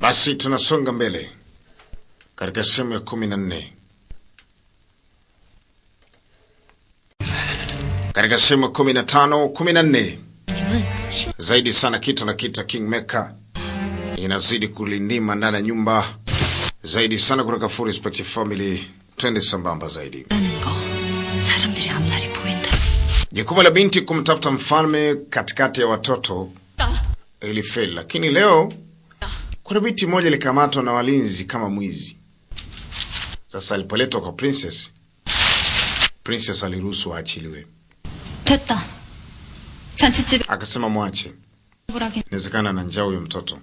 Basi tunasonga mbele katika sehemu ya kumi na nne. Katika sehemu ya kumi na tano, kumi na nne zaidi sana kitu na kita Kingmaker inazidi kulindima ndani ya nyumba zaidi sana kutoka Full Respect Family, twende sambamba zaidi. Jukumu la binti kumtafuta mfalme katikati ya watoto ah. ilifeli, lakini leo kuna binti moja likamatwa na walinzi kama mwizi. Sasa alipoletwa kwa princess, princess aliruhusu aachiliwe. Teta. Akasema mwache. Inawezekana na njaa huyo mtoto.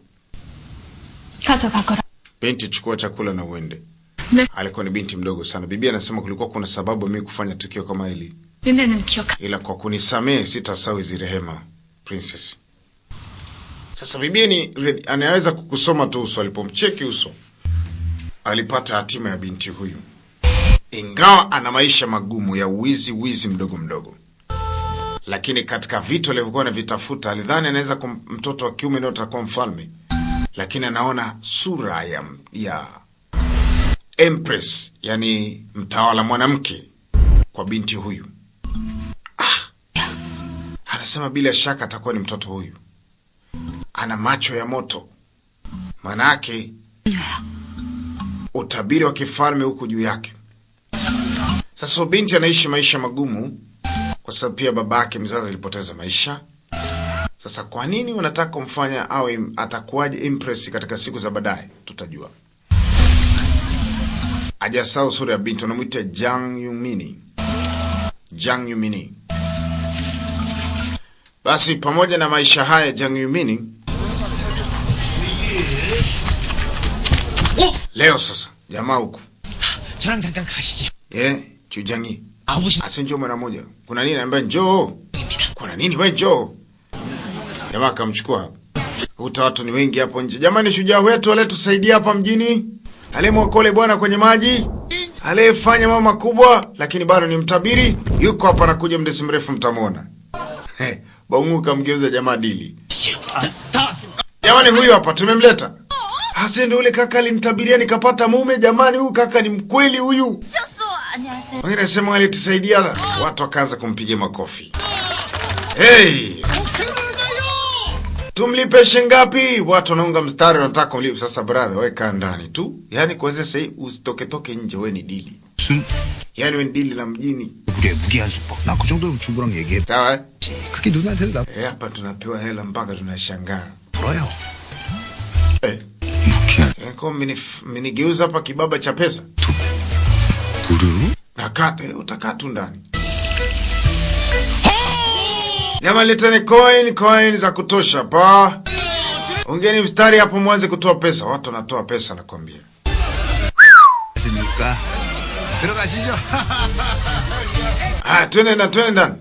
Binti, chukua chakula na uende. Alikuwa ni binti mdogo sana. Bibi anasema kulikuwa kuna sababu mimi kufanya tukio kama hili. Ila kwa kunisamehe sitasahau hizi rehema, princess. Sasa bibi ni anaweza kukusoma tu uso, alipomcheki uso alipata hatima ya binti huyu, ingawa ana maisha magumu ya wizi wizi mdogo mdogo, lakini katika vitu alivyokuwa anavitafuta alidhani anaweza mtoto wa kiume ndio atakuwa mfalme, lakini anaona sura ya, ya empress, yani mtawala mwanamke kwa binti huyu. Ah, anasema bila shaka atakuwa ni mtoto huyu ana macho ya moto. Manake utabiri wa kifalme huku juu yake. Sasa binti anaishi maisha magumu kwa sababu pia babake mzazi alipoteza maisha. Sasa kwa nini wanataka kumfanya awe atakuwaje impress katika siku za baadaye tutajua. ajasau sura ya binti anamuita Jang Yumini. Jang Yumini. Basi pamoja na maisha haya Jang Yumini 어? 레어 써서 야마우고 저랑 잠깐 가시죠 예 주장이 아버지 아센조만 moja kuna nini namba njoo kuna nini wewe njoo jamaa akamchukua kuta watu ni wengi hapo nje jamani shujaa wetu aliyetusaidia hapa mjini aliyemwokoa bwana kwenye maji aliyefanya mama kubwa lakini bado ni mtabiri yuko hapa anakuja mdesi mrefu mtamwona Bongo kamgeuza jamaa dili Jamani, huyu hapa tumemleta. Hasa ah, ndio ule kaka alimtabiria nikapata mume. Jamani, huyu kaka ni mkweli huyu. Wengine nasema walitusaidiana, watu wakaanza kumpiga makofi. Hey! Tumlipe shingapi? Watu wanaunga mstari wanataka kumlipa. Sasa brother, weka ndani tu. Yaani kuanzia sasa hii usitoke toke nje, wewe ni dili. Yaani wewe ni dili la mjini. Sawa? Eh? Eh, hapa tunapewa hela mpaka tunashangaa. Royo. Eh. Niko mmenigeuza hapa kibaba cha pesa. Tudu. Nakata eh, utakaa tu ndani. Nyama leteni coin coin za kutosha pa. ungeni mstari hapo mwanze kutoa pesa. Watu wanatoa pesa nakwambia. Ah, twende na twende ndani.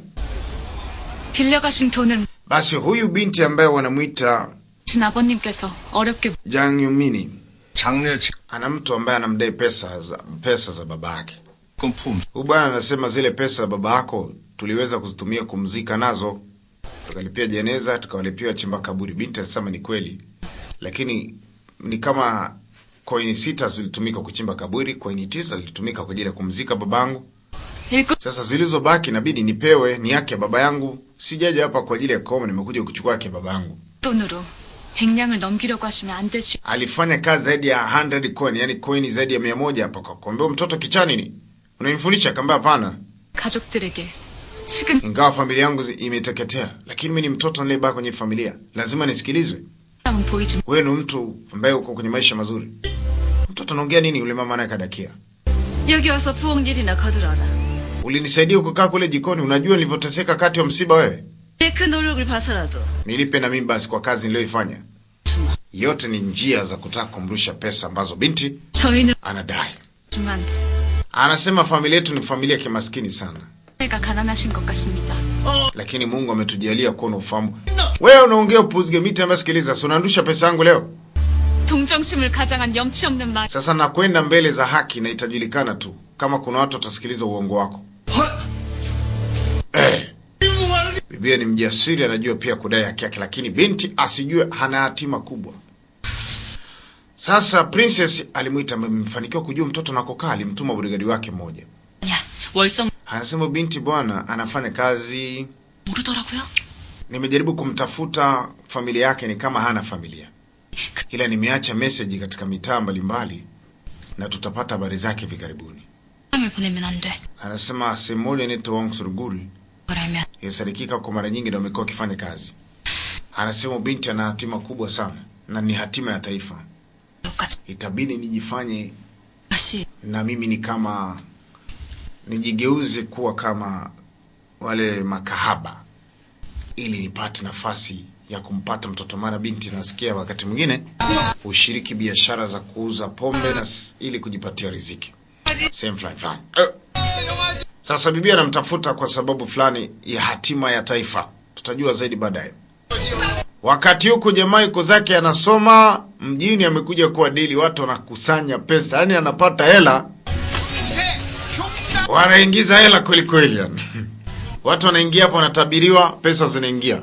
Basi huyu binti ambaye wanamuita 진 아버님께서 어렵게 장윤민이 장례 ana mtu ambaye anamdai pesa za, pesa za baba yake. Huyu bwana anasema zile pesa za baba yako tuliweza kuzitumia kumzika nazo, tukalipia jeneza, tukawalipia chimba kaburi. Binti anasema ni kweli, lakini ni kama koini sita zilitumika kuchimba kaburi, koini tisa zilitumika kwa ajili ya kumzika babangu. Sasa zilizobaki inabidi nipewe, ni yake ya baba yangu. Sijaja hapa kwa ajili ya kuomba, nimekuja kuchukua yake ya babangu. 100량을 넘기려고 하시면 안 되시. Alifanya kazi zaidi ya 100 coin, yani coin zaidi ya 100 hapa kwa kuambia mtoto kichanini. Unamfundisha kamba hapana. 가족들에게 지금 ingawa familia yangu imeteketea, lakini mimi ni mtoto niliyebaki kwenye familia, lazima nisikilizwe. Wewe ni mtu ambaye uko kwenye maisha mazuri. Mtoto anaongea nini? Yule mama naye kadakia. 여기 와서 부엌 일이나 거들어라. Ulinisaidia kukaa kule jikoni, unajua nilivyoteseka kati ya msiba wewe nilipe na mimi basi kwa kazi niliyoifanya. Yote ni njia za kutaka kumrusha pesa ambazo binti anadai. Anasema familia yetu ni familia ya kimaskini sana, oh. lakini Mungu ametujalia kuwa na ufahamu. Wewe unaongea upuzige miti ambayo, sikiliza, si pesa yangu leo. Sasa nakwenda mbele za haki na itajulikana tu kama kuna watu watasikiliza uongo wako. Biblia ni mjasiri, anajua pia kudai haki yake, lakini binti asijue hana hatima kubwa. Sasa princess alimuita, amefanikiwa kujua mtoto nakokaa, alimtuma burigadi wake mmoja. Anasema binti bwana anafanya kazi, nimejaribu kumtafuta familia yake, ni kama hana familia, ila nimeacha meseji katika mitaa mbalimbali na tutapata habari zake hivi karibuni. Anasema sehemu moja inaitwa Wangsuruguri inasadikika kwa mara nyingi ndio wamekuwa wakifanya kazi. Anasema binti ana hatima kubwa sana na ni hatima ya taifa. Itabidi nijifanye na mimi ni kama nijigeuze kuwa kama wale makahaba ili nipate nafasi ya kumpata mtoto. Mara binti nasikia wakati mwingine ushiriki biashara za kuuza pombe na ili kujipatia riziki sehemu fulani fulani. Sasa bibi anamtafuta kwa sababu fulani ya hatima ya taifa, tutajua zaidi baadaye. Wakati huku jamaa yuko zake anasoma mjini, amekuja kuwa deli, watu wanakusanya pesa, yani anapata hela, wanaingiza hela kweli kweli, yani watu wanaingia hapo, wanatabiriwa pesa zinaingia.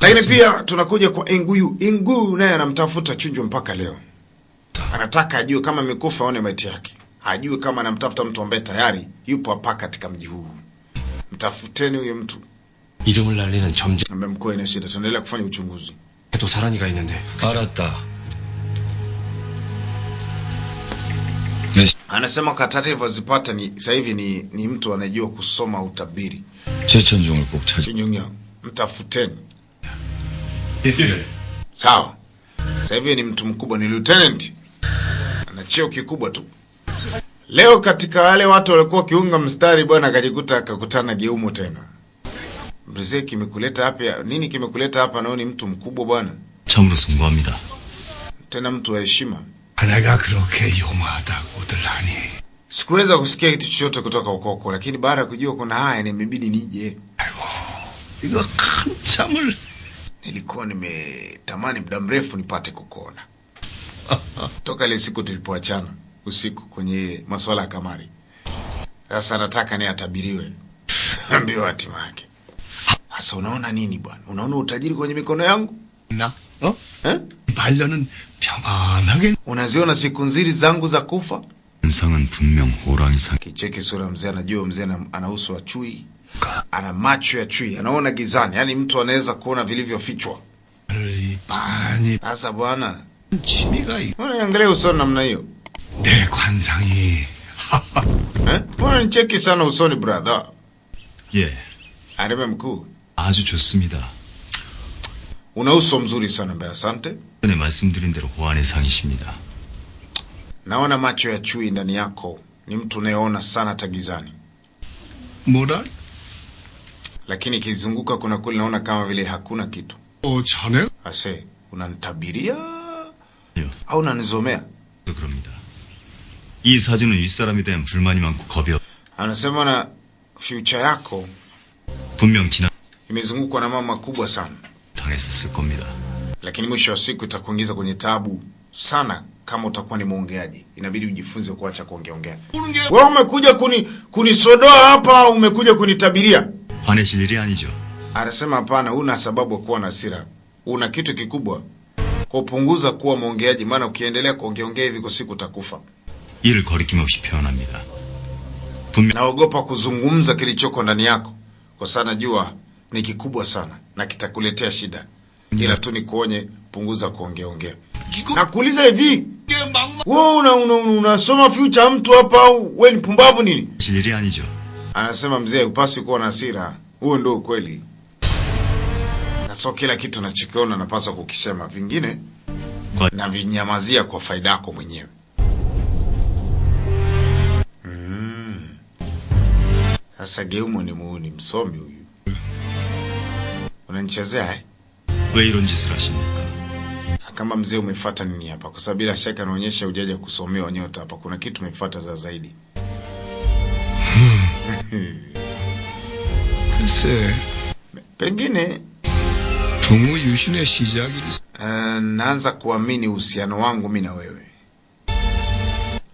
Lakini pia tunakuja kwa Enguyu. Enguyu naye anamtafuta Chunju mpaka leo anataka ajue kama amekufa aone maiti yake, ajue kama anamtafuta mtu ambaye tayari yupo hapa katika mji huu. Mtafuteni huyo mtu ambaye mkoa ina shida. Tunaendelea kufanya uchunguzi. Anasema kwa taarifa wazipata ni sasa hivi ni, ni mtu anajua kusoma utabiri. Mtafuteni. Sawa. Sasa hivi ni mtu mkubwa, ni lieutenant cheo kikubwa tu. Leo katika wale watu walikuwa kiunga mstari, bwana akajikuta akakutana Geumo tena. Mzee, kimekuleta hapa nini? Kimekuleta hapa naoni mtu mkubwa bwana, tena mtu wa heshima. Anaga kroke Sikuweza kusikia kitu chochote kutoka ukoko, lakini baada ya kujua kuna haya nimebidi nije. Nilikuwa nimetamani muda mrefu nipate kukuona. toka ile siku tulipoachana usiku kwenye masuala ya kamari. Sasa nataka ni atabiriwe ambiwa hatima yake. Sasa unaona nini bwana? Unaona utajiri kwenye mikono yangu? Na. Oh? Eh? 말로는 pyamanage... unaziona siku nzuri zangu za kufa. 인상은 분명 호랑이 상. Kicheki sura mzee, anajua mzee ana uso wa chui. Ana macho ya chui, anaona gizani. Yaani mtu anaweza kuona vilivyofichwa. Sasa bwana 취미가 이. 오늘 안 그래 웃어 남나요? 내 관상이. 에? 오늘 제끼산 웃소니 브라더. 예, 아르뱀쿠. 아주 좋습니다. 오늘 웃소 mzuri 사는 배 산테 전에 말씀드린 대로 호안의 상이십니다. Naona macho ya chui ndani yako ni mtu unayeona 뭐라? lakini ikizunguka kuna kule naona kama vile hakuna kitu. 어, oh, chane Ase, unanitabiria 아우 난소매야. 그럽니다. 이 사주는 윗사람에 대한 불만이 많고 겁이 없. Anasema 퓨처 약고. 분명 지난 imezungukwa na mambo makubwa sana, 당했었을 겁니다. 라키니 무시 wa siku itakuingiza kwenye taabu sana kama utakuwa ni mwongeaji. Inabidi ujifunze kuacha kuongea ongea. Wewe umekuja kuni kunisodoa hapa, umekuja kunitabiria. 화내실 일이 anijo? Anasema hapana, una sababu kuwa na hasira, una kitu kikubwa kupunguza kuwa mwongeaji, maana ukiendelea kuongeongea hivi kwa siku utakufa. 일을 거리낌없이 표현합니다. Naogopa kuzungumza kilichoko ndani yako, kwa sana jua ni kikubwa sana na kitakuletea shida, ila tu nikuonye, punguza kuongeongea. Nakuuliza hivi, wewe una unasoma future mtu hapa au wewe ni pumbavu nini? Anasema mzee, upasi kuwa na hasira. Huo ndio ukweli na so kila kitu nachokiona napaswa kukisema, vingine na vinyamazia kwa faida yako mwenyewe. Mm. Sasa mm. Geumo ni muuni msomi huyu, unanichezea eh? Kama mzee umefata nini hapa? Kwa sababu bila shaka naonyesha ujaja kusomewa nyota hapa, kuna kitu umefuata za zaidi Pese. Hmm. Pengine Uh, naanza kuamini uhusiano wangu mi na wewe,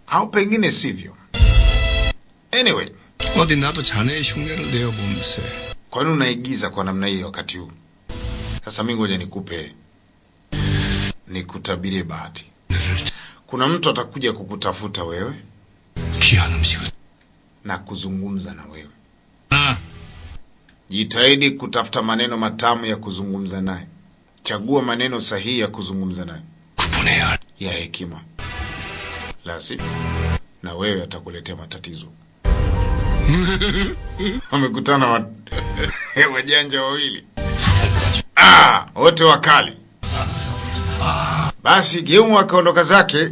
au pengine sivyo. Anyway, kwani unaigiza kwa namna hiyo wakati huu? Sasa mi ngoja nikupe, nikutabirie bahati. Kuna mtu atakuja kukutafuta wewe na kuzungumza na wewe Jitahidi kutafuta maneno matamu ya kuzungumza naye. Chagua maneno sahihi ya kuzungumza naye ya hekima, la sivyo na wewe atakuletea matatizo. Wamekutana wa... wajanja wawili ah, wote wakali. Basi Geumu akaondoka zake,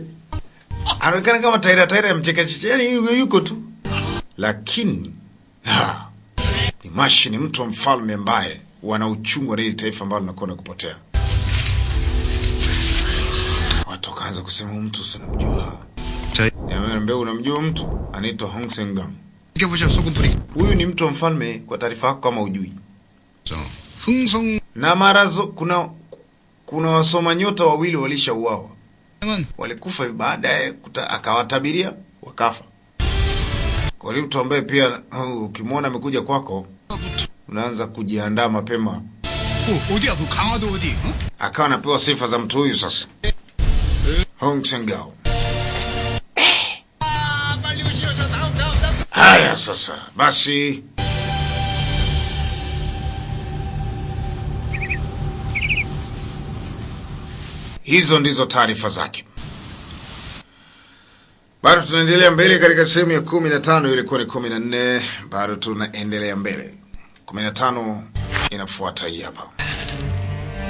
anaonekana kama taira taira ya mchekechecheni, yaani yuko tu lakini ha. Limashi ni mtu wa mfalme ambaye wana uchungu na hili taifa ambalo linakwenda kupotea. Watu wakaanza kusema mtu sinamjua. Niambia unamjua mtu anaitwa Hong Sengam. Huyu ni mtu wa mfalme kwa taarifa yako kama ujui. Na mara kuna kuna wasoma nyota wawili walishauawa. Walikufa baadaye akawatabiria wakafa. Kwa hiyo mtu ambaye pia ukimwona uh, amekuja kwako unaanza kujiandaa mapema. Oh, hmm? Akawa anapewa sifa za mtu huyu sasa. Hong Sengao. Haya sasa, basi hizo ndizo taarifa zake. Bado tunaendelea mbele katika sehemu ya 15 na tano ilikuwa ni kumi na nne bado tunaendelea mbele. 15 inafuata hii hapa.